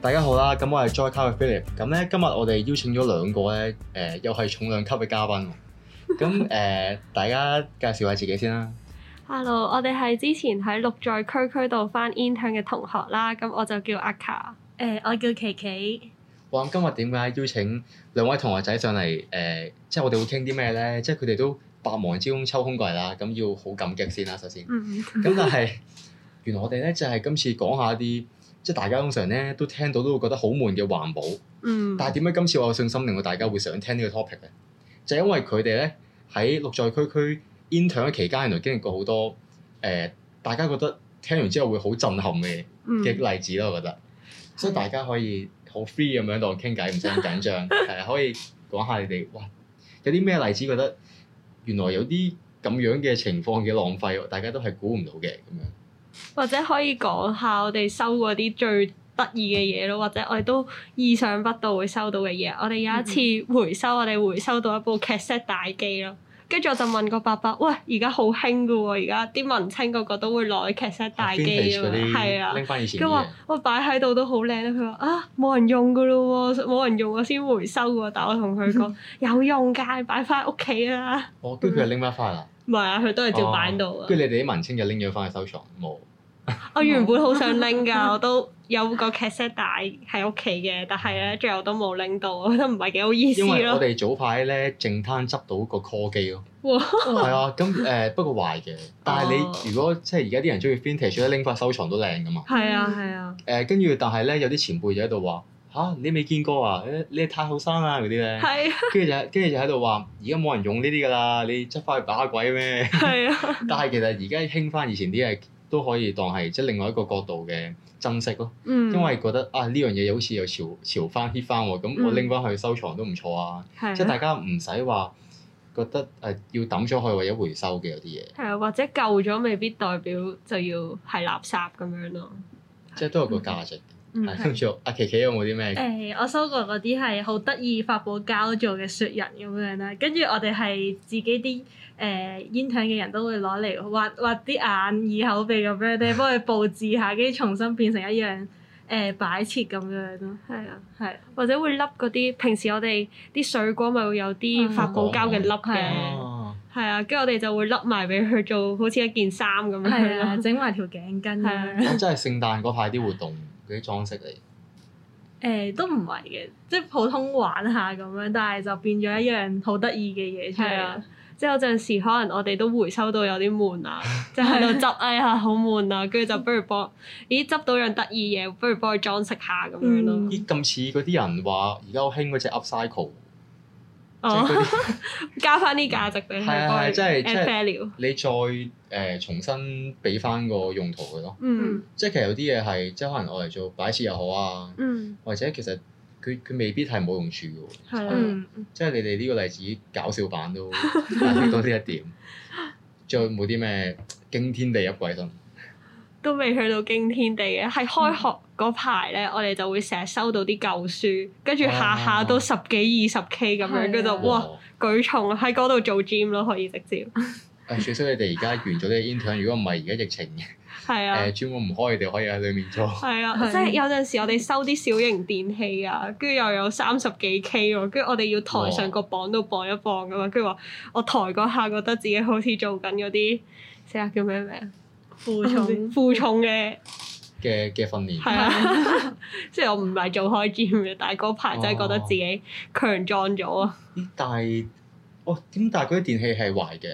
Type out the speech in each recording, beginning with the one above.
大家好啦，咁我係 Joycar 嘅 Philip，咁咧今日我哋邀請咗兩個咧，誒、呃、又係重量級嘅嘉賓，咁誒 大家介紹下自己先啦。Hello，我哋係之前喺綠在區區度返 intern 嘅同學啦，咁我就叫 Ah Ka，誒我叫琪琪。我諗，今日點解邀請兩位同學仔上嚟？誒、呃，即係我哋會傾啲咩咧？即係佢哋都百忙之中抽空過嚟啦，咁要好感激先啦，首先。嗯咁但係，原來我哋咧就係今次講下啲。即係大家通常咧都聽到都會覺得好悶嘅環保，嗯，但係點解今次我有信心令到大家會想聽個呢個 topic 咧？就係、是、因為佢哋咧喺綠在區區 intern 嘅期間，原來經歷過好多誒、呃，大家覺得聽完之後會好震撼嘅嘅、嗯、例子啦，我覺得，嗯、所以大家可以好 free 咁樣度我傾偈，唔使咁緊張，係、 呃、可以講下你哋哇，有啲咩例子覺得原來有啲咁樣嘅情況嘅浪費，大家都係估唔到嘅咁樣。或者可以講下我哋收嗰啲最得意嘅嘢咯，或者我哋都意想不到會收到嘅嘢。我哋有一次回收，我哋回收到一部 cassette 大機咯，跟住我就問個伯伯，喂，而家好興噶喎，而家啲文青個個都會攞 cassette 大機啊，係對啊，拎翻以前啲嘢。我擺喺度都好靚啦，佢話啊，冇人用噶嘞喎，冇人用我先回收喎。但我同佢講有用㗎，擺翻屋企啦。哦，跟住佢拎埋翻啊？唔係啊，佢都係照擺喺度。跟住你哋啲文青就拎咗翻去收藏，冇。 我原本好想拎噶，我都有個 cassette 帶喺屋企嘅，但係咧最後都冇拎到，我覺得唔係幾好意思咯。我哋早排咧淨攤執到個 call 機咯，係哇 哇 啊，咁誒、呃、不過壞嘅。但係你、哦、如果即係而家啲人中意 vintage 咧，拎翻收藏都靚噶嘛。係啊係啊、呃。誒，跟住但係咧有啲前輩就喺度話：吓、啊？你未見過啊？你，你太後生啊！嗰啲咧，跟住是、啊、就跟住就喺度話：而家冇人用呢啲噶啦，你執翻去把鬼咩？係是啊。 但係其實而家興翻以前啲嘢。都可以當係即係另外一個角度嘅珍惜咯，嗯、因為覺得啊呢樣嘢又好似又潮潮翻 hit 翻喎，咁我拎翻去收藏都唔錯啊，嗯、即係大家唔使話覺得誒、呃、要抌咗去或者回收嘅有啲嘢。係啊，或者舊咗未必代表就要係垃圾咁樣咯，即係都有個價值。嗯 okay. 嗯，收咗阿琪琪有冇啲咩？誒，我收過嗰啲係好得意發泡膠做嘅雪人咁樣啦，跟住我哋係自己啲誒煙燻嘅人都會攞嚟畫畫啲眼、耳、呃、口、鼻咁樣咧，幫佢佈置下，跟住重新變成一樣誒、uh, 擺設咁樣咯。係啊，係、啊，或者會笠嗰啲平時我哋啲水果咪會有啲發泡膠嘅笠嘅，係啊，跟住、oh, 啊、我哋就會笠埋俾佢做好似一件衫咁樣，整埋條頸巾咁。咁即係聖誕嗰排啲活動。嗰啲裝飾嚟，誒、欸、都唔係嘅，即係普通玩下咁樣，但係就變咗一樣好得意嘅嘢出嚟。即係有陣時可能我哋都回收到有啲悶啊， 就喺度執，哎下好悶啊，跟住就不如幫， 咦執到樣得意嘢，不如幫佢裝飾下咁樣咯。咦咁似嗰啲人話，而家好興嗰隻 upcycle。 加翻啲價值俾你，係啊係啊 即係是 Add value? 即係你再誒、呃、重新俾翻個用途佢咯。嗯、即係其實有啲嘢係即係可能我嚟做擺設又好啊，嗯、或者其實佢佢未必係冇用處嘅喎。即係你哋呢個例子搞笑版都但多啲一,一點，仲有冇啲咩驚天地一鬼神？都未去到驚天地嘅，係開學嗰排咧，我哋就會成日收到啲舊書，跟住下下都十幾二十 K 咁樣，跟住、啊、就哇舉重喺嗰度做 gym 咯，可以直接。誒、哎，小非你哋而家完咗啲 intern，如果唔係而家疫情，係啊，專門唔開，你哋可以喺裏面做。係啊，即係、啊啊啊、有陣時我哋收啲小型電器啊，跟住又有三十幾 K 喎，跟住我哋要台上個磅度磅一磅咁樣，跟住話我抬嗰下覺得自己好似做緊嗰啲，嗰下叫咩名？負重，嗯、負重嘅嘅嘅訓練，係啊！ 即係我唔係做開 gym 嘅，但係嗰排真係覺得自己強壯咗啊、哦！但係，哦，點？但係啲電器係壞嘅，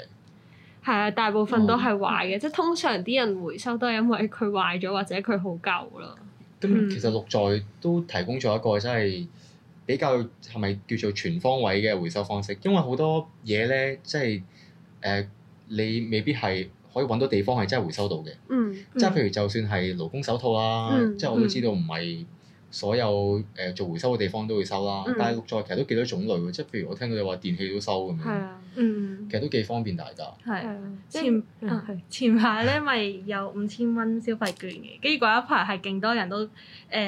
係啊！大部分都係壞嘅，哦、即係通常啲人回收都係因為佢壞咗或者佢好舊啦。咁、嗯、其實綠在都提供咗一個真係比較係咪叫做全方位嘅回收方式？因為好多嘢咧，即係誒、呃，你未必係。可以揾到地方係真係回收到嘅，即係、嗯嗯、譬如就算係勞工手套啦，即係、嗯、我都知道唔係所有誒、呃、做回收嘅地方都會收啦。嗯、但係再其實都幾多種類喎，即係譬如我聽到你話電器都收咁樣、啊，嗯，其實都幾方便大家。係前啊，前排咧咪有五千蚊消費券嘅，跟住嗰一排係勁多人都誒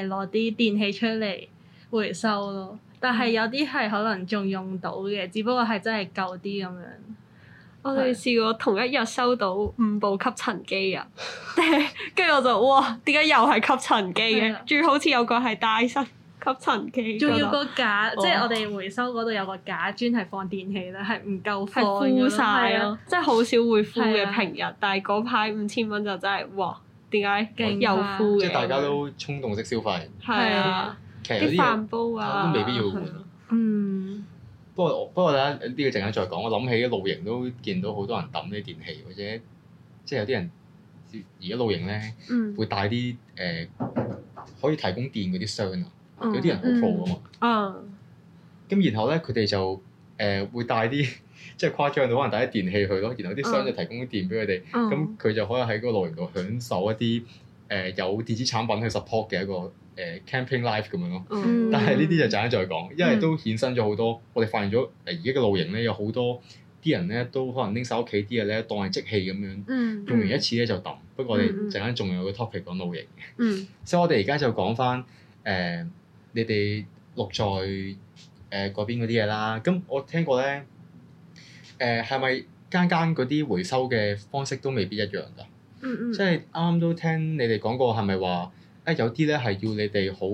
攞啲電器出嚟回收咯。但係有啲係可能仲用到嘅，只不過係真係舊啲咁樣。我哋試過同一日收到五部吸塵機啊，跟住我就哇，點解又係吸塵機嘅？仲要好似有個係大新吸塵機，仲要個架，即係我哋回收嗰度有個架專係放電器啦，係唔夠貨。係敷曬咯，即係好少會呼嘅平日，但係嗰排五千蚊就真係哇，點解勁又呼嘅？即係大家都衝動式消費。係啊，啲飯煲啊，未必要換。嗯。不過我不過咧呢個陣間再講，我諗起露營都見到好多人抌啲電器，或者即係有啲人，而家露營咧會帶啲誒可以提供電嗰啲箱啊，嗯、有啲人好富啊嘛。咁、嗯嗯、然後咧佢哋就誒、呃、會帶啲即係誇張到可能帶啲電器去咯，然後啲箱就提供啲電俾佢哋，咁佢、嗯嗯、就可以喺嗰個露營度享受一啲誒、呃、有電子產品去 support 嘅一個。誒 camping life 咁樣咯，嗯、但係呢啲就陣間再講，因為都衍生咗好多。嗯、我哋發現咗誒而家嘅露營咧，有好多啲人咧都可能拎曬屋企啲嘢咧當係即棄咁樣，用、嗯嗯、完一次咧就抌。不過我哋陣間仲有個 topic 講露營嘅，嗯、 所以我哋而家就講翻誒你哋綠在誒嗰、呃、邊嗰啲嘢啦。咁我聽過咧，誒係咪間間嗰啲回收嘅方式都未必一樣㗎？嗯嗯嗯、即係啱啱都聽你哋講過，係咪話？啊，有啲咧係要你哋好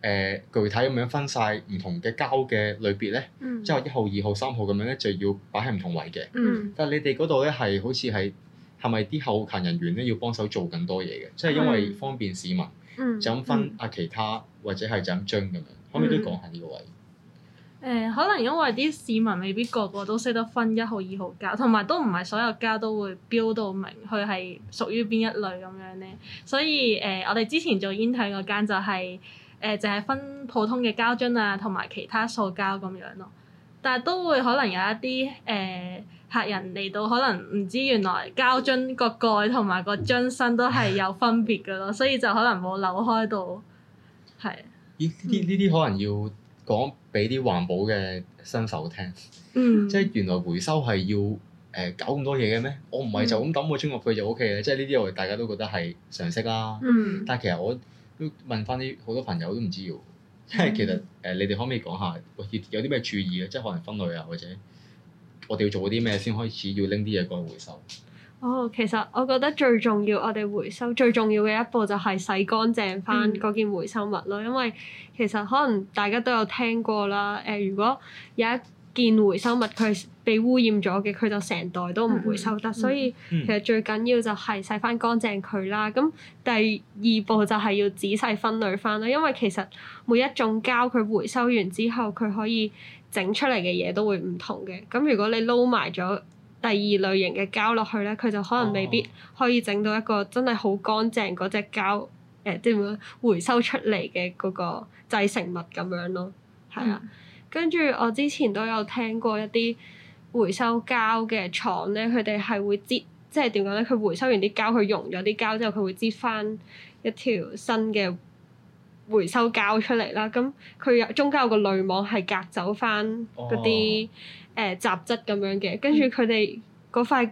誒具體咁樣分晒唔同嘅膠嘅類別咧，即係話一號、二號、三號咁樣咧就要擺喺唔同位嘅。嗯、但係你哋嗰度咧係好似係係咪啲後勤人員咧要幫手做更多嘢嘅？嗯、即係因為方便市民、嗯、就咁分啊其他、嗯、或者係就咁樽咁樣，嗯、可唔可以都講下呢個位？誒可能因為啲市民未必個個都識得分一號、二號膠，同埋都唔係所有膠都會標到明佢係屬於邊一類咁樣咧。所以誒、呃，我哋之前做 intern 嗰間就係、是、誒、呃，就係、是、分普通嘅膠樽啊，同埋其他塑膠咁樣咯。但係都會可能有一啲誒、呃、客人嚟到，可能唔知原來膠樽個蓋同埋個樽身都係有分別噶咯， 所以就可能冇扭開到係。依啲呢啲可能要、嗯。講俾啲環保嘅新手聽，嗯、即係原來回收係要誒、呃、搞咁多嘢嘅咩？我唔係就咁抌個樽入佢就 O K 嘅，嗯、即係呢啲我哋大家都覺得係常識啦、啊。嗯、但係其實我都問翻啲好多朋友都唔知要。即係、嗯、其實誒、呃、你哋可唔可以講下喂、呃、有啲咩注意嘅，即係可能分類啊，或者我哋要做啲咩先開始要拎啲嘢過去回收？哦，其實我覺得最重要，我哋回收最重要嘅一步就係洗乾淨翻嗰件回收物咯。嗯、因為其實可能大家都有聽過啦，誒、呃，如果有一件回收物佢被污染咗嘅，佢就成袋都唔回收得。嗯、所以、嗯、其實最緊要就係洗翻乾淨佢啦。咁第二步就係要仔細分類翻啦。因為其實每一種膠佢回收完之後，佢可以整出嚟嘅嘢都會唔同嘅。咁如果你撈埋咗，第二類型嘅膠落去咧，佢就可能未必可以整到一個真係好乾淨嗰隻膠，誒，即點講？回收出嚟嘅嗰個製成物咁樣咯，係啊。嗯、跟住我之前都有聽過一啲回收膠嘅廠咧，佢哋係會擠，即係點講咧？佢回收完啲膠，佢溶咗啲膠之後，佢會擠翻一條新嘅回收膠出嚟啦。咁佢有中間有個濾網，係隔走翻嗰啲。誒、呃、雜質咁樣嘅，跟住佢哋嗰塊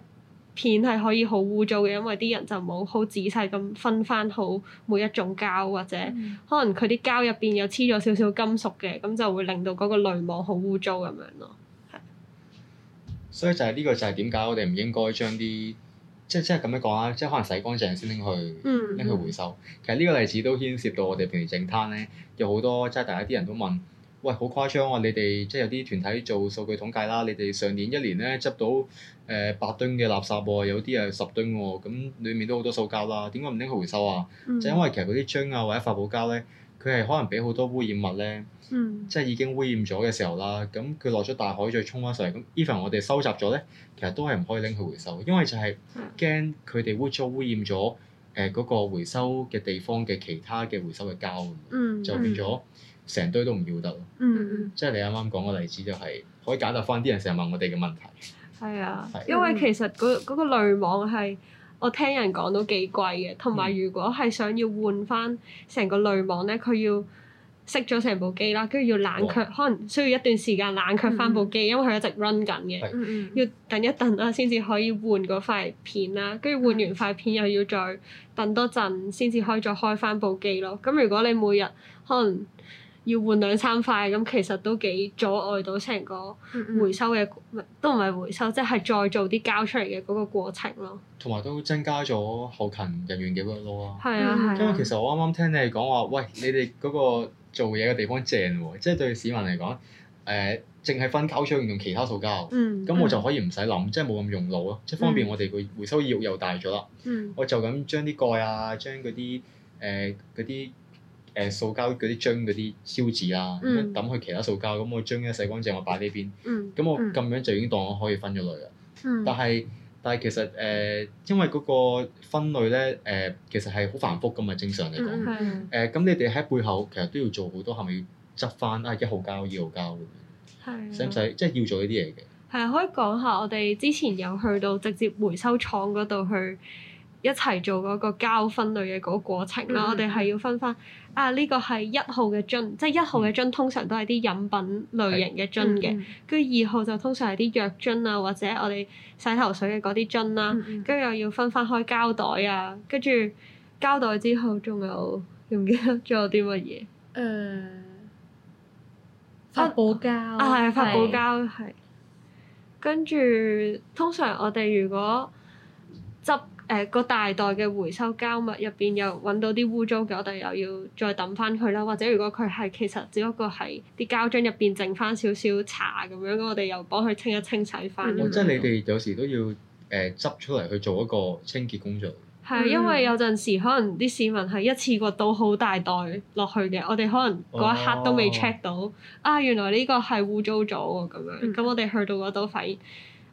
片係可以好污糟嘅，因為啲人就冇好仔細咁分翻好每一種膠，或者、嗯、可能佢啲膠入邊有黐咗少少金屬嘅，咁就會令到嗰個濾網好污糟咁樣咯。係，所以就係呢個就係點解我哋唔應該將啲，即係即係咁樣講啦，即、就、係、係、可能洗乾淨先拎去拎、嗯、去回收。其實呢個例子都牽涉到我哋平時整攤咧，有好多即係、就係、大家啲人都問，喂，好誇張喎、啊！你哋即係有啲團體做數據統計啦，你哋上年一年咧執到誒八噸嘅垃圾喎、喔，有啲係十噸喎，咁裡面都好多塑膠啦，點解唔拎佢回收啊？嗯、就因為其實嗰啲樽啊或者發泡膠咧，佢係可能俾好多污染物咧，嗯、即係已經污染咗嘅時候啦，咁佢落咗大海再沖翻上嚟，咁 even 我哋收集咗咧，其實都係唔可以拎佢回收，因為就係驚佢哋污咗污染咗誒嗰個回收嘅地方嘅其他嘅回收嘅膠，就變咗。成堆都唔要得咯，嗯、即係你啱啱講個例子就係可以解答翻啲人成日問我哋嘅問題。係啊，是因為其實嗰、那、嗰個濾、嗯、網係我聽人講都幾貴嘅，同埋、嗯、如果係想要換翻成個濾網咧，佢要熄咗成部機啦，跟住要冷卻，哇可能需要一段時間冷卻翻部機，因為佢一直 run 緊嘅，要等一等啦先至可以換嗰塊片啦，跟住換完塊片又要再等多陣先至可以再開翻部機咯。咁如果你每日可能～要換兩三塊咁，其實都幾阻礙到成個回收嘅，嗯、都唔係回收，即係再做啲膠出嚟嘅嗰個過程咯。同埋都增加咗後勤人員嘅 workload 啊，嗯、因為其實我啱啱聽你講話，喂，你哋嗰個做嘢嘅地方正喎，即係 對市民嚟講，誒、呃，淨係分膠出嚟用其他塑膠，咁、嗯、我就可以唔使諗，嗯、即係冇咁用腦咯，即係、嗯、方便我哋個回收意欲又大咗啦。嗯、我就咁將啲蓋啊，將啲誒嗰啲。呃誒、呃、塑膠嗰啲樽嗰啲燒紙啊，抌去其他塑膠，咁、嗯、我樽一洗乾淨，我擺呢邊，咁我咁樣就已經當我可以分咗類啦、嗯。但係但係其實誒、呃，因為嗰個分類咧誒、呃，其實係好繁複噶嘛，正常嚟講。誒咁、嗯呃、你哋喺背後其實都要做好多，係咪要執翻啊？一號膠、二號膠咁樣，使唔使即係要做呢啲嘢嘅？係，可以講下，我哋之前有去到直接回收廠嗰度去。一齊做嗰個膠分類嘅嗰個過程啦，我哋係要分翻啊，呢個係一號嘅樽，即係一號嘅樽通常都係啲飲品類型嘅樽嘅，跟住二號就通常係啲藥樽啊，或者我哋洗頭水嘅嗰啲樽啦，跟住又要分翻開膠袋啊，跟住膠袋之後仲有記唔記得仲有啲乜嘢？誒，發泡膠啊，係發泡膠係。跟住通常我哋如果執。誒個、呃、大袋嘅回收膠物入邊又揾到啲污糟嘅，我哋又要再揼翻佢啦。或者如果佢係其實只不過係啲膠樽入邊剩翻少少茶咁樣，我哋又幫佢清一清洗翻、嗯樣哦。即係你哋有時都要誒執、呃、出嚟去做一個清潔工作。係，因為有陣時、嗯、可能啲市民係一次過倒好大袋落去嘅，我哋可能嗰一刻都未 check 到、哦、啊，原來呢個係污糟咗喎咁樣。咁我哋去到嗰度發現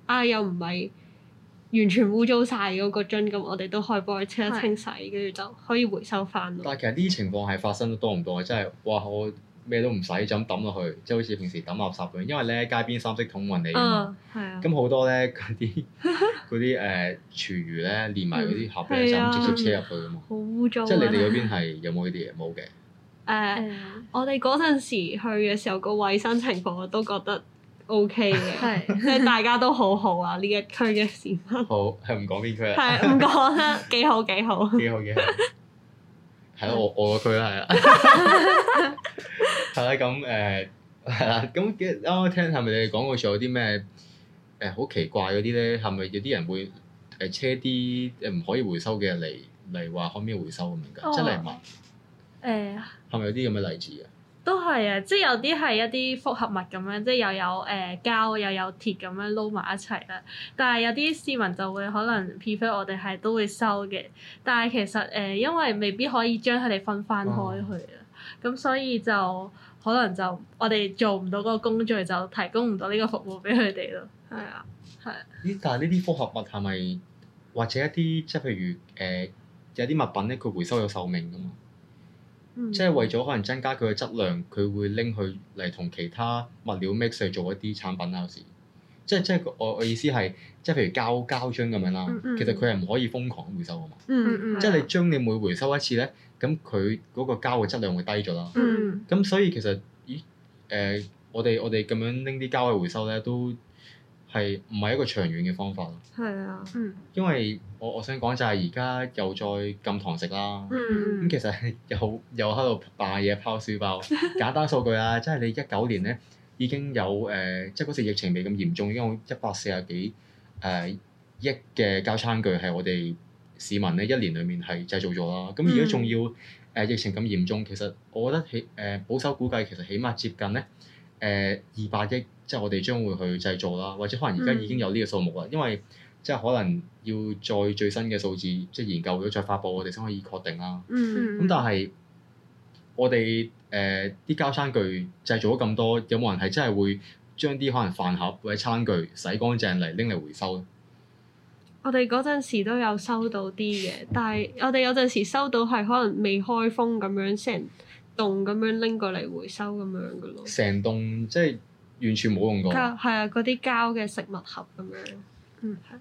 啊，又唔係。完全污糟晒嗰個樽，咁我哋都可以幫佢清一清洗，跟住是就可以回收翻。但係其實呢啲情況係發生得多唔多？即係哇，我咩都唔使就咁抌落去，即係好似平時抌垃圾咁。因為咧街邊三色桶運嚟嘅嘛，咁好多咧嗰啲嗰啲誒廚餘咧連埋嗰啲盒嘅，嗯、就直接車入去嘅嘛。好污糟啊！即係你哋嗰邊係有冇呢啲嘢？冇嘅。誒、 呃，我哋嗰陣時去嘅時候，個衞生情況我都覺得。O K 嘅，okay、 即係大家都好好啊！呢一區嘅事，好，係唔講邊區啊？係唔講啦，幾好幾好。幾好幾好，係我我個區啦，係啦。係啦，咁誒係啦，咁啱啱聽係咪你哋講過仲有啲咩誒好奇怪嗰啲咧？係咪有啲人會誒車啲誒唔可以回收嘅嚟嚟話可唔可以回收咁樣噶？真係唔係誒，係咪、哦嗯、有啲咁嘅例子嘅？都係啊，即係有啲係一啲複合物咁樣，即係又有誒、呃、膠又有鐵咁樣撈埋一齊啦。但係有啲市民就會可能 prefer 我哋係都會收嘅，但係其實誒、呃、因為未必可以將佢哋分翻開去啊。咁哇所以就可能就我哋做唔到嗰個工序，就提供唔到呢個服務俾佢哋咯。係啊，係。呢但係呢啲複合物係咪或者一啲即係譬如誒、呃、有啲物品咧，佢回收有壽命㗎嘛？即係為咗可能增加佢嘅質量，佢會拎去嚟同其他物料 mix 去做一啲產品啦。有時，即係即係我我意思係，即係譬如膠膠樽咁樣啦，其實佢係唔可以瘋狂回收㗎嘛。嗯嗯、即係你將你每回收一次咧，咁佢嗰個膠嘅質量會低咗啦。咁、嗯、所以其實咦誒、呃，我哋我哋咁樣拎啲膠去回收咧都。係唔係一個長遠嘅方法？係啊，嗯、因為我我想講就係而家又再禁堂食啦。咁、嗯、其實係又又喺度扮嘢拋書包。 簡單數據啊。即、就、係、是、你一九年咧已經有誒，即係嗰時疫情未咁嚴重，已經一百四十幾誒億嘅膠餐具係我哋市民咧一年裡面係製造咗啦。咁、嗯、而家仲要誒、呃、疫情咁嚴重，其實我覺得起誒、呃、保守估計其實起碼接近咧，誒二百億，即係、就是、我哋將會去製造啦，或者可能而家已經有呢個數目啦，嗯、因為即係可能要再最新嘅數字，即、就、係、是、研究咗再發布，我哋先可以確定啦。咁、嗯、但係我哋誒啲膠餐具製造咗咁多，有冇人係真係會將啲可能飯盒或者餐具洗乾淨嚟拎嚟回收咧？我哋嗰陣時都有收到啲嘅，但係我哋有陣時收到係可能未開封咁樣先。棟咁樣拎過嚟回收咁樣嘅咯，成棟即係完全冇用過，係啊，嗯，嗰啲膠嘅食物盒咁樣，嗯，係。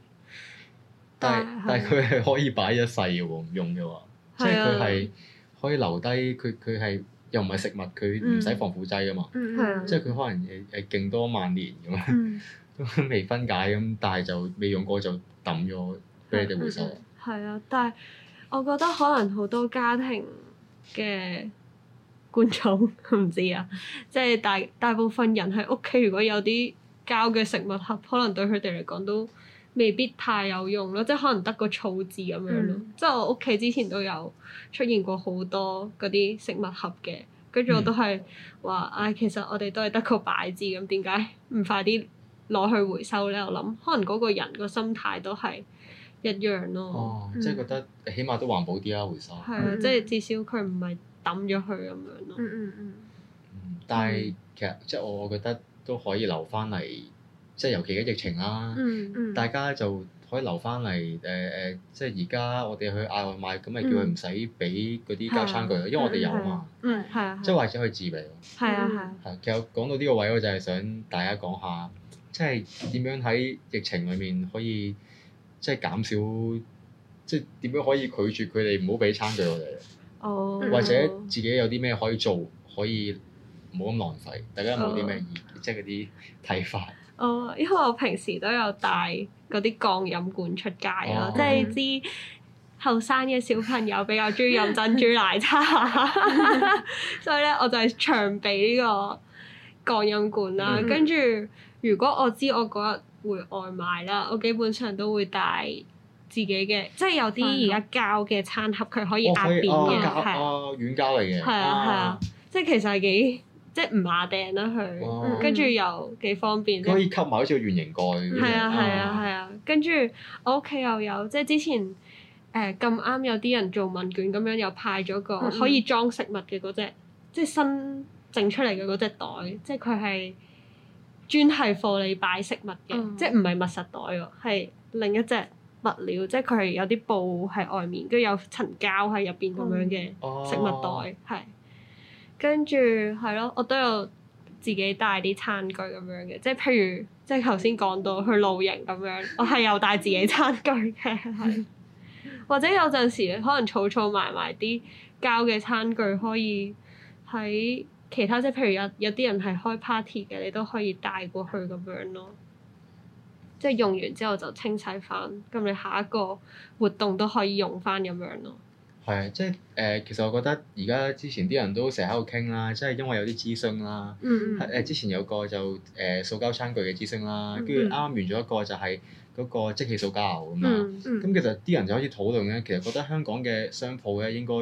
但係但係佢係可以擺一世嘅喎，唔用嘅喎，的即係佢係可以留低。佢佢係又唔係食物，佢唔使防腐劑㗎嘛，嗯、即係佢可能誒誒勁多萬年咁樣，嗯、未分解咁，但係就未用過就抌咗俾人哋回收。係啊，但係我覺得可能好多家庭嘅。觀眾唔知啊，即係大大部分人喺屋企如果有啲膠嘅食物盒，可能對佢哋嚟講都未必太有用咯，即係可能得個儲字咁樣咯。嗯、即係我屋企之前都有出現過好多嗰啲食物盒嘅，跟住我都係話，唉、嗯啊，其實我哋都係得個擺字咁，點解唔快啲攞去回收咧？我諗可能嗰個人個心態都係一樣咯。哦嗯、即係覺得起碼都環保啲啦、啊，回收係啊，的嗯、即係至少佢唔係抌咗佢咁樣咯。嗯嗯 但係其實即係我覺得都可以留翻嚟，即係尤其嘅疫情啦、啊，嗯、大家就可以留翻嚟誒誒，即係而家我哋去嗌外賣，咁咪、嗯、叫佢唔使俾嗰啲膠餐具咯，因為我哋有啊嘛嗯。嗯，啊、嗯。即、嗯、係或者可以自備咯。係啊係。嗯、其實講到呢個位，我就係想大家講下，即係點樣喺疫情裡面可以，即、就、係、是、減少，即係點樣可以拒絕佢哋唔好俾餐具我哋。Oh, 或者自己有啲咩可以做，可以冇咁浪費，大家有冇啲咩意見，oh. 即係嗰啲睇法？哦，oh, 因為我平時都有帶嗰啲鋼飲管出街咯，oh. 即係知後生嘅小朋友比較中意飲珍珠奶茶， 所以咧我就係長備呢個鋼飲管啦。跟住，mm hmm. 如果我知我嗰日會外賣啦，我基本上都會帶。自己嘅，即係有啲而家膠嘅餐盒，佢可以壓扁嘅，係、哦、啊，啊軟膠嚟嘅，係啊係啊，啊，啊，即係其實係幾，即係唔麻掟啦佢，哇跟住又幾方便。嗯、可以吸埋好似個圓形蓋。係啊係啊係啊，啊，啊，跟住我屋企又有，即係之前誒咁啱有啲人做問卷咁樣，又派咗個可以裝食物嘅嗰隻，嗯嗯、即係新整出嚟嘅嗰隻袋，即係佢係專係放你擺食物嘅，嗯、即係唔係密實袋喎，係另一隻。物料即佢係有啲布喺外面，跟住有層膠喺入邊咁樣嘅食物袋，係、嗯。跟住係咯，我都有自己帶啲餐具咁樣嘅，即譬如即係頭先講到去露營咁樣， 我係有帶自己餐具嘅，或者有陣時可能儲儲埋埋啲膠嘅餐具，可以喺其他即譬如有有啲人係開 party 嘅，你都可以帶過去咁樣咯。即係用完之後就清洗翻，咁你下一個活動都可以用翻咁樣咯。係，即係誒，其實我覺得而家之前啲人都成日喺度傾啦，即係因為有啲諮詢啦，誒、嗯嗯、之前有個就誒、呃、塑膠餐具嘅諮詢啦，跟住啱啱完咗一個就係嗰個即棄塑膠啊咁樣。咁其實啲人就開始討論咧，其實覺得香港嘅商鋪咧應該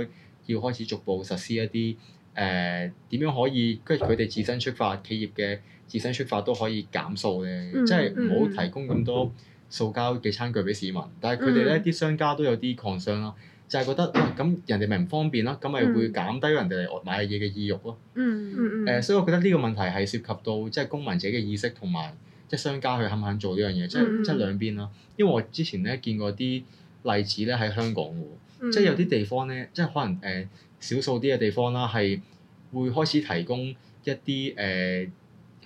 要開始逐步實施一啲誒點樣可以，跟住佢哋自身出發企業嘅。自身出發都可以減塑嘅，嗯、即係唔好提供咁多塑膠嘅餐具俾市民。嗯、但係佢哋咧啲商家都有啲抗商咯，就係、是、覺得咁、嗯啊、人哋咪唔方便咯，咁咪會減低人哋嚟買嘅嘢嘅意欲咯。誒、嗯嗯呃，所以我覺得呢個問題係涉及到即係公民者嘅意識同埋即係商家佢肯唔肯做呢樣嘢，嗯、即係即係兩邊咯。因為我之前咧見過啲例子咧喺香港喎，嗯嗯、即係有啲地方咧，即係可能誒少、呃、數啲嘅地方啦，係會開始提供一啲誒。呃呃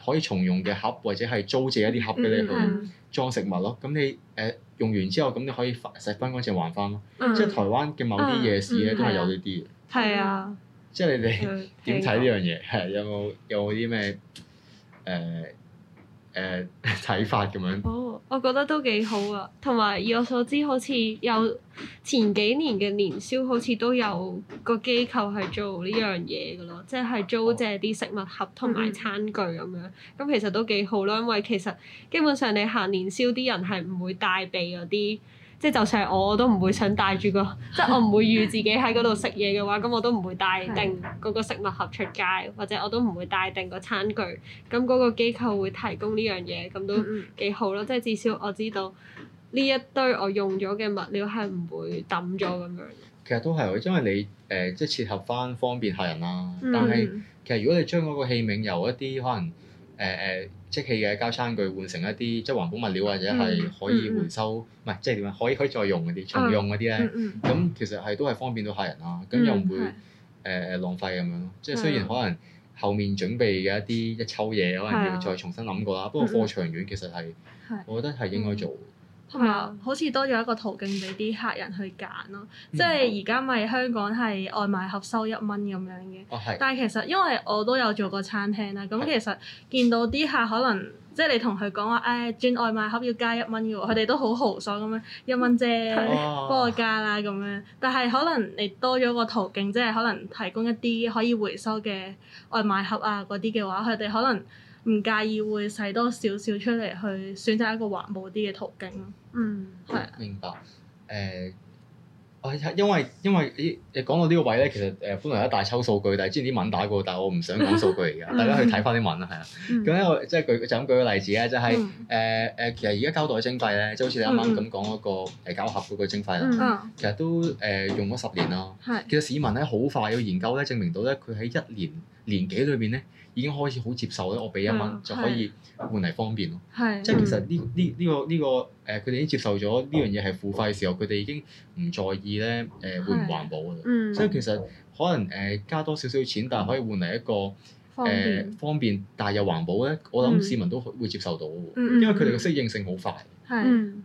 可以重用嘅盒，或者係租借一啲盒俾你去裝食物咯。咁、嗯嗯、你誒、呃、用完之後，咁你可以洗返乾淨還翻咯。嗯、即係台灣嘅某啲夜市咧，嗯嗯、都係有呢啲嘅。係、嗯嗯、啊，即係你哋點睇呢樣嘢？係有冇有冇啲咩誒？有誒睇、uh, 法咁這樣，哦，我覺得都幾好啊。同埋以我所知，好似有前幾年嘅年宵，好似都有個機構係做呢樣嘢㗎咯，即係租借啲食物盒同埋餐具咁樣。咁、oh. 嗯、其實都幾好啦、啊，因為其實基本上你行年宵啲人係唔會帶備嗰啲。即係就算係我，我都唔會想帶住個， 即係我唔會預自己喺嗰度食嘢嘅話，咁我都唔會帶定嗰個食物盒出街，或者我都唔會帶定個餐具。咁嗰個機構會提供呢樣嘢，咁都幾好咯。 即係至少我知道呢一堆我用咗嘅物料係唔會抌咗咁樣。其實都係，因為你誒、呃、即係切合翻方便客人啦。但係其實如果你將嗰個器皿由一啲可能。誒誒，即棄嘅膠餐具換成一啲即係環保物料或者係可以回收，唔係、嗯、即係點樣？可以可以再用嗰啲，重用嗰啲咧。咁、嗯嗯、其實係都係方便到客人啦，咁又唔會誒誒、嗯呃、浪費咁樣咯。嗯、即係雖然可能後面準備嘅一啲一抽嘢可能要再重新諗過啦，不過過長遠其實係，嗯、我覺得係應該做。係啊，好似多咗一個途徑俾啲客人去揀咯，即係而家咪香港係外賣盒收一蚊咁樣嘅，哦、但係其實因為我都有做過餐廳啦，咁其實見到啲客可能即係你同佢講話，誒、哎、轉外賣盒要加一蚊嘅喎，佢哋都好豪爽咁樣一蚊啫，是幫我加啦咁樣。哦、但係可能你多咗個途徑，即係可能提供一啲可以回收嘅外賣盒啊嗰啲嘅話，佢哋可能唔介意會使多少少出嚟去選擇一個環保啲嘅途徑咯。嗯，係。明白。誒、呃，我、哎、因為因為呢，你講到呢個位咧，其實誒、呃，本來有一大抽數據，但係之前啲文打過，但係我唔想講數據嚟㗎，大家、 嗯、去睇翻啲文啦，係啊。咁咧、嗯，我即係舉就咁、是、舉個例子咧，就係誒誒，其實而家膠袋徵費咧，就是、好似你啱啱咁講嗰個搞膠盒嗰個徵費啦，其實都誒、呃、用咗十年啦。的其實市民咧好快，要研究咧證明到咧，佢喺一年，年紀裏邊咧，已經開始好接受咧，我俾一蚊就可以換嚟方便咯。嗯、即係其實呢呢呢個呢、嗯呢個誒，佢、呢、哋、個呃、已經接受咗呢樣嘢係付費時候，佢哋已經唔在意咧誒會唔環保㗎。嗯，所以其實可能誒、呃、加多少少錢，但係可以換嚟一個誒、呃、方、便方便，但係又環保咧。我諗市民都會接受到、嗯、因為佢哋嘅適應性好快。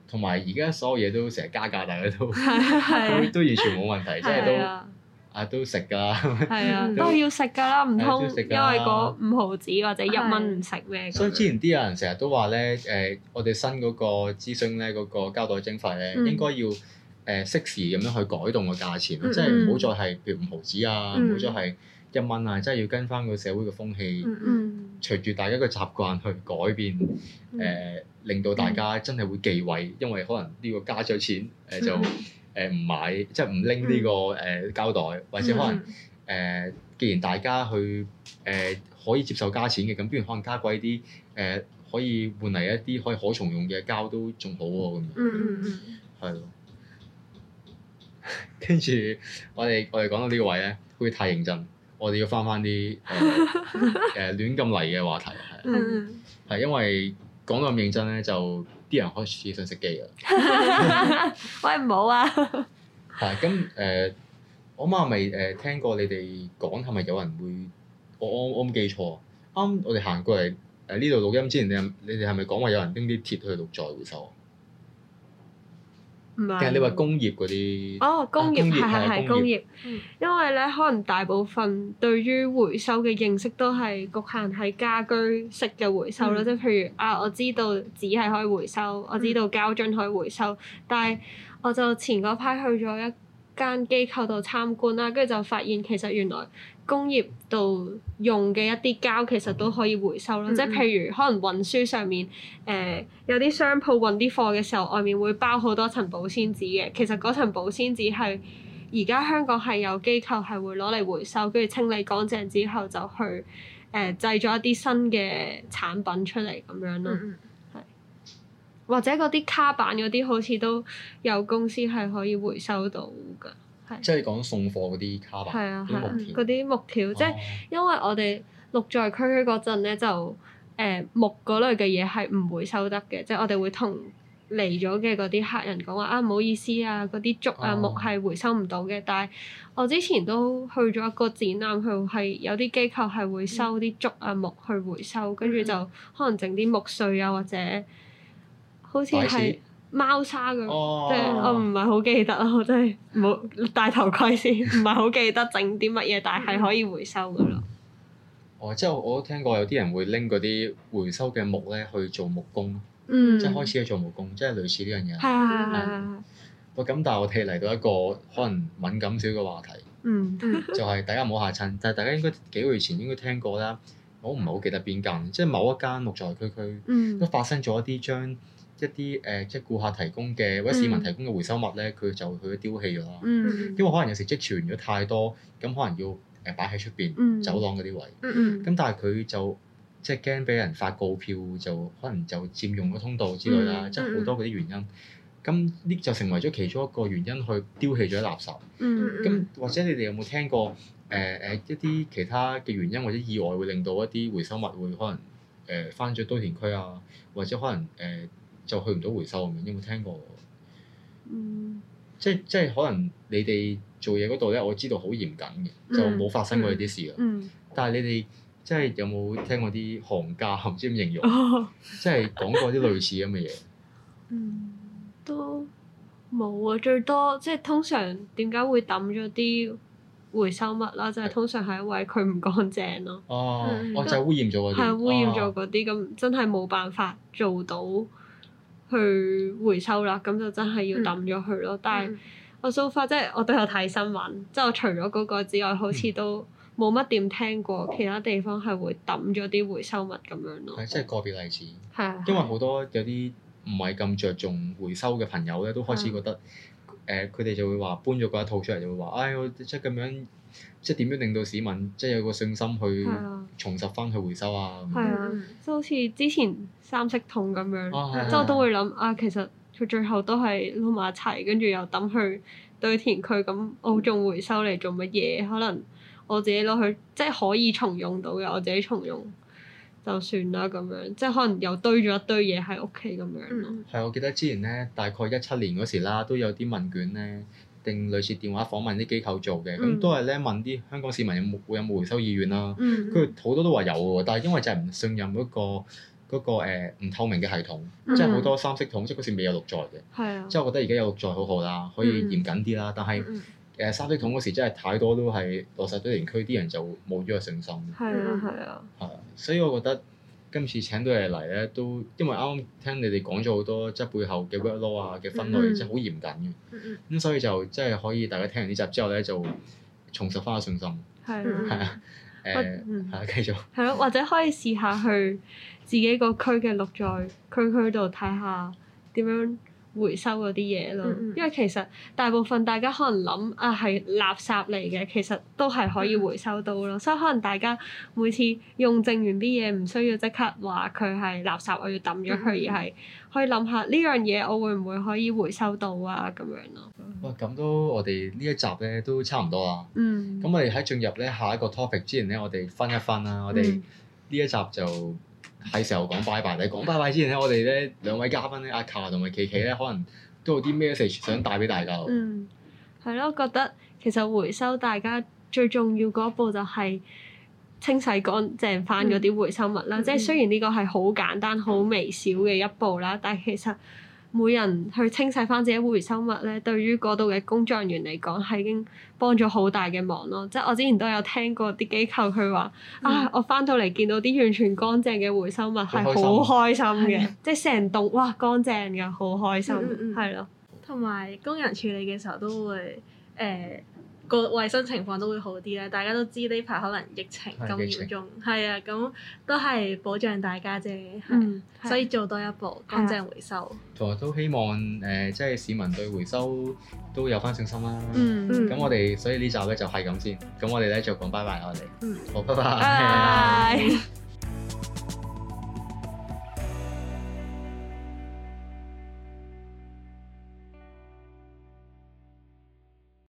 同埋、嗯嗯、而家所有嘢都成日加價，大家都 都完全冇問題，即係 真的都。啊，都食噶，都係要食噶啦，唔通因為嗰五毫子或者一蚊唔食咩？所以之前啲人成日都話咧，誒，我哋新嗰個諮詢咧，嗰個膠袋徵費咧，應該要誒適時咁樣去改動個價錢咯，即係唔好再係譬如五毫子啊，唔好再係一蚊啊，即係要跟翻個社會嘅風氣，隨住大家嘅習慣去改變，誒，令到大家真係會忌諱，因為可能呢個加咗錢誒就。誒唔買，即係唔拎呢個誒膠袋，嗯、或者可能誒、嗯呃，既然大家去誒、呃、可以接受加錢嘅，咁不如可能加貴啲，誒、呃、可以換嚟一啲可以可重用嘅膠都仲好喎，啊，咁樣，嗯係咯，跟住的、嗯、我哋我哋講到呢個位咧，好似太認真，我哋要翻翻啲誒誒亂咁嚟嘅話題，係，係、嗯嗯、因為講到咁認真咧就。就就啲人開始想食機啦！ 喂，唔好啊！ 係咁誒，我媽咪誒、呃、聽過你哋講係咪有人會？我我我唔記錯，啱我哋行過嚟誒呢度錄音之前，你你哋係咪講話有人拎啲鐵去綠在回收？其實你話工業嗰啲，哦工業係係係工業，因為咧可能大部分對於回收嘅認識都係局限喺家居式嘅回收咯，即譬、嗯、如啊，我知道紙係可以回收，嗯、我知道膠樽可以回收，但係我就前嗰排去咗一間機構度參觀啦，跟住就發現其實原來工業度用嘅一啲膠其實都可以回收咯，即係譬如可能運輸上面，誒、呃、有啲商鋪運啲貨嘅時候，外面會包好多層保鮮紙嘅，其實嗰層保鮮紙係而家香港係有機構係會攞嚟回收，跟住清理乾淨之後就去誒、呃、製咗一啲新嘅產品出嚟咁樣咯。嗯或者嗰啲卡板嗰啲好似都有公司係可以回收到㗎，係即係講送貨嗰啲卡板，係啊的，係啊嗰啲木條，即係因為我哋綠在區區嗰陣咧，就、呃、誒木嗰類嘅嘢係唔回收得嘅，即係我哋會同嚟咗嘅嗰啲客人講話啊，唔好意思啊，嗰啲竹啊、哦、木係回收唔到嘅。但係我之前都去咗一個展覽，佢係有啲機構係會收啲竹啊木去回收，跟住就可能整啲木碎啊，或者。好似係貓砂咁，即係、哦、我唔係好記得咯，我真係冇戴頭盔先，唔係好記得整啲乜嘢，但係可以回收噶咯。哦，即係我我都聽過有啲人會拎嗰啲回收嘅木咧去做木工，嗯、即係開始去做木工，即係類似呢樣嘢。喂、啊，咁、嗯、但係我哋嚟到一個可能敏感少少嘅話題，嗯嗯、就係大家唔好嚇親， 但係大家應該幾個月前應該聽過啦，我唔係好記得邊間，即係某一間綠在區區都發生咗一啲將一啲誒，即係顧客提供嘅或者市民提供嘅回收物咧，佢就去咗丟棄咗啦。嗯、因為可能有時積存咗太多，咁可能要誒擺喺出邊走廊嗰啲位。咁但係佢就即係驚俾人發告票，就可能就佔用咗通道之類啦，即係好多嗰啲原因。咁呢就成為咗其中一個原因去丟棄咗垃圾。咁、嗯嗯、或者你哋有冇聽過誒誒、呃呃、一啲其他嘅原因或者意外會令到一啲回收物會可能誒、呃、翻咗堆填區啊，或者可能誒，呃呃就去唔到回收面，有冇聽過？嗯，即係即係可能你哋做嘢嗰度咧，我知道好嚴謹嘅，就冇發生過呢啲事啊。但係你哋即係有冇聽過啲行家唔知點形容，即係講過啲類似咁嘅嘢？都冇啊！最多即係通常點解會抌咗啲回收物啦？就係通常係因為佢唔乾淨咯。哦，哦就係污染咗嗰啲，係污染咗嗰啲咁，真係冇辦法做到。去回收啦，咁就真係要抌咗佢咯。嗯、但係我 so far，即係我都有睇新聞，即係我除咗嗰個之外，好似都冇乜點聽過、嗯、其他地方係會抌咗啲回收物咁樣咯。係，即係個別例子。係啊。因為好多有啲唔係咁着重回收嘅朋友咧，都開始覺得，誒佢哋就會話搬咗嗰一套出嚟就會話，唉、哎、我即咁樣即點樣令到市民即有個信心去重拾翻去回收啊？係啊，即好似之前三色桶咁樣，即、啊、我都會諗啊，其實佢最後都係撈埋一齊，跟住又抌去堆填區咁，我仲回收嚟做乜嘢？可能我自己攞去即可以重用到嘅，我自己重用。就算啦咁樣，即係可能又堆咗一堆嘢喺屋企咁樣咯。係，我記得之前咧，大概一七年嗰時啦，都有啲問卷咧，定類似電話訪問啲機構做嘅，咁都係咧問啲香港市民有冇有冇回收意願啦。佢好多都話有喎，但係因為就係唔信任嗰個嗰、嗰個唔透明嘅系統，即係好多三色桶，就係嗯、即係嗰時未有錄載嘅。係啊。即係我覺得而家有錄載好好啦，可以嚴謹啲啦。但係誒三色桶嗰時真係太多都係落晒堆填區，啲人就冇咗個信心。係啊係啊。係啊。所以我覺得今次請到人嚟咧，都因為啱啱聽你哋講咗好多，即係背後嘅 workload 啊嘅分類，即係好嚴謹嘅。咁、嗯嗯、所以就即係可以大家聽完呢集之後咧，就重拾翻個信心。係、嗯、啊，係啊，啊，繼續。係咯、啊，或者可以試下去自己個區嘅綠在區區度睇下點樣。回收嗰啲嘢咯，因為其實大部分大家可能諗啊係垃圾嚟嘅，其實都係可以回收到咯，嗯、所以可能大家每次用淨完啲嘢，唔需要即刻話佢係垃圾我要抌咗佢，嗯、而係去以諗下呢樣嘢我會唔會可以回收到啊咁樣咯。哇，咁都我哋呢一集咧都差唔多啦。嗯。咁我哋喺進入咧下一個 topic 之前咧，我哋分一分啦。嗯、我哋呢一集就，喺時候講拜拜，你講拜拜之前咧，我哋咧兩位嘉賓咧，阿卡同埋琪琪咧，可能都有啲 message 想帶俾大家。嗯，係咯，覺得其實回收大家最重要嗰一步就係清洗乾淨翻嗰啲回收物啦。嗯、即係雖然呢個係好簡單、好微小嘅一步啦，但係其實，每人去清洗翻自己回收物咧，對於嗰度嘅工作人員嚟講係已經幫咗好大嘅忙咯。即係我之前都有聽過啲機構佢話、嗯、啊，我翻到嚟見到啲完全乾淨嘅回收物係好開心嘅，即係成棟哇乾淨㗎，好開心，係咯的。同埋工人處理嘅時候都會誒、呃個衞生情況都會好啲咧，大家都知呢排可能疫情咁嚴重，係啊，咁都係保障大家啫，嗯、所以做多一步，乾淨回收。的同埋都希望誒、呃，即係市民對回收都有翻信心啦。咁、嗯、我哋所以呢集咧就係咁先，咁我哋咧就講拜拜我，我哋嗯，好拜拜。Bye bye Bye.